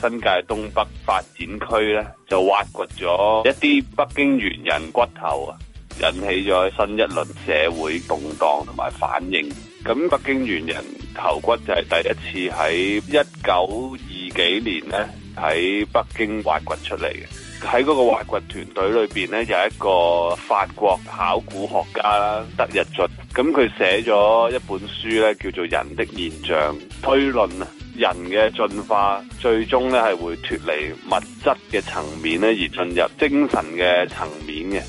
新界東北發展區咧，就挖掘咗一啲北京猿人骨頭啊，引起咗新一輪社會動盪同埋反應。咁北京猿人頭骨就係第一次喺一九二幾年咧喺北京挖掘出嚟嘅。喺嗰個挖掘團隊裏邊咧，有一個法國考古學家德日進，咁佢寫咗一本書咧，叫做《人的現象推論》啊。人嘅進化最終咧係會脫離物質嘅層面咧，而進入精神嘅層面嘅。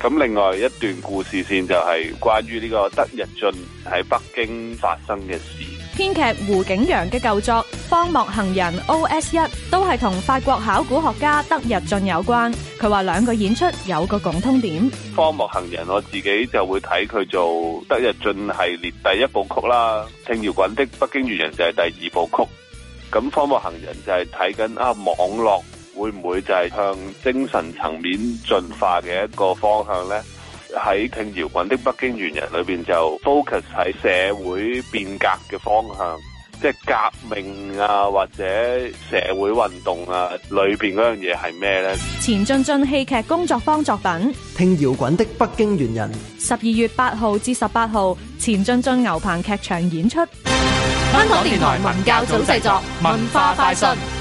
咁另外一段故事線，就係關於呢個德日進喺北京發生嘅事。編劇胡景陽嘅舊作《荒漠行人》O S 一都係同法國考古學家德日進有關，佢話兩個演出有個共通點。《荒漠行人》我自己就會睇佢做德日進系列第一部曲啦，聽搖滾的北京猿人就係第二部曲。咁《荒漠行人》就係睇緊啊網絡會唔會就係向精神層面進化嘅一個方向呢？喺聽搖滾的北京猿人裏邊就 focus 喺社會變革嘅方向，即係革命啊或者社會運動啊裏邊嗰樣嘢係咩咧？前進進戲劇工作坊作品《聽搖滾的北京猿人》，十二月八號至十八號，前進進牛棚劇場演出。香港電台文教組製作，文化快訊。